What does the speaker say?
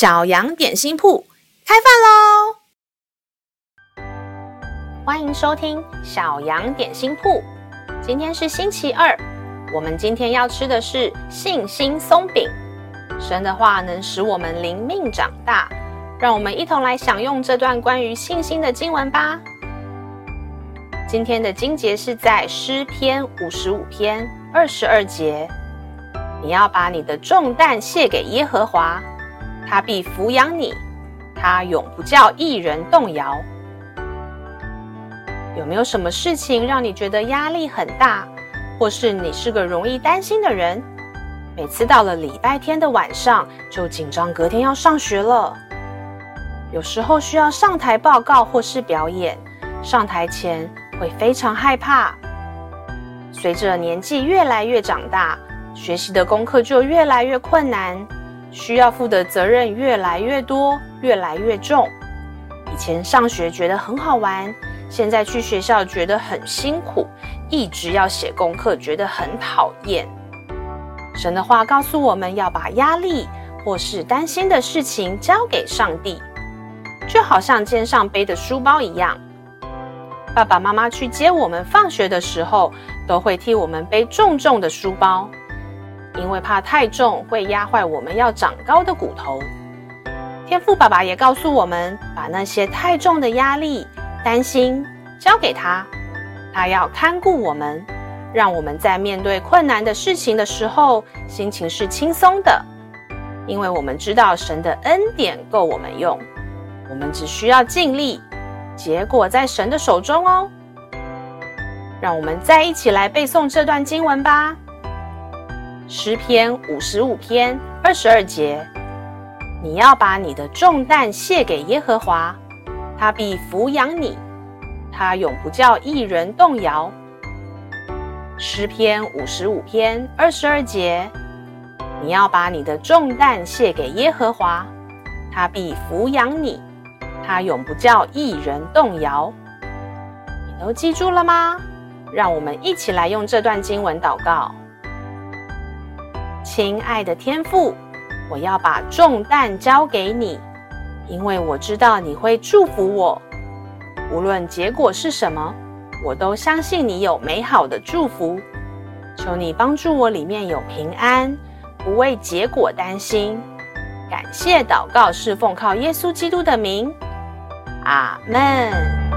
小羊點心鋪開飯嘍！歡迎收聽小羊點心鋪。今天是星期二，我們今天要吃的是信心鬆餅。神的話能使我們靈命長大，讓我們一同來享用這段關於信心的經文吧。今天的經節是在詩篇五十五篇二十二節。你要把你的重擔卸給耶和華。他必撫養你，他永不叫義人動搖。有沒有什麼事情讓你覺得壓力很大，或是你是個容易擔心的人？每次到了禮拜天的晚上，就緊張隔天要上學了。有時候需要上台報告或是表演，上台前會非常害怕。隨着年紀越來越長大，學習的功課就越來越困難。需要負的責任越來越多，越來越重。以前上學覺得很好玩，現在去學校覺得很辛苦，一直要寫功課覺得很討厭。神的話告訴我們要把壓力或是擔心的事情交給上帝，就好像肩上背的書包一樣。爸爸媽媽去接我們放學的時候，都會替我們背重重的書包。因為怕太重會壓壞我們要長高的骨頭，天父爸爸也告訴我們，把那些太重的壓力、擔心交給他，他要看顧我們，讓我們在面對困難的事情的時候，心情是輕鬆的，因為我們知道神的恩典夠我們用，我們只需要盡力，結果在神的手中哦。讓我們再一起來背誦這段經文吧。詩篇五十五篇二十二節，你要把你的重擔卸給耶和華，他必撫養你，他永不叫義人動搖。詩篇五十五篇二十二節，你要把你的重擔卸給耶和華，他必撫養你，他永不叫義人動搖。你都記住了嗎？讓我們一起來用這段經文禱告。親愛的天父，我要把重擔交給你，因為我知道你會祝福我。無論結果是什麼，我都相信你有美好的祝福。求你幫助我裡面有平安，不為結果擔心。感謝禱告是奉靠耶穌基督的名，阿門。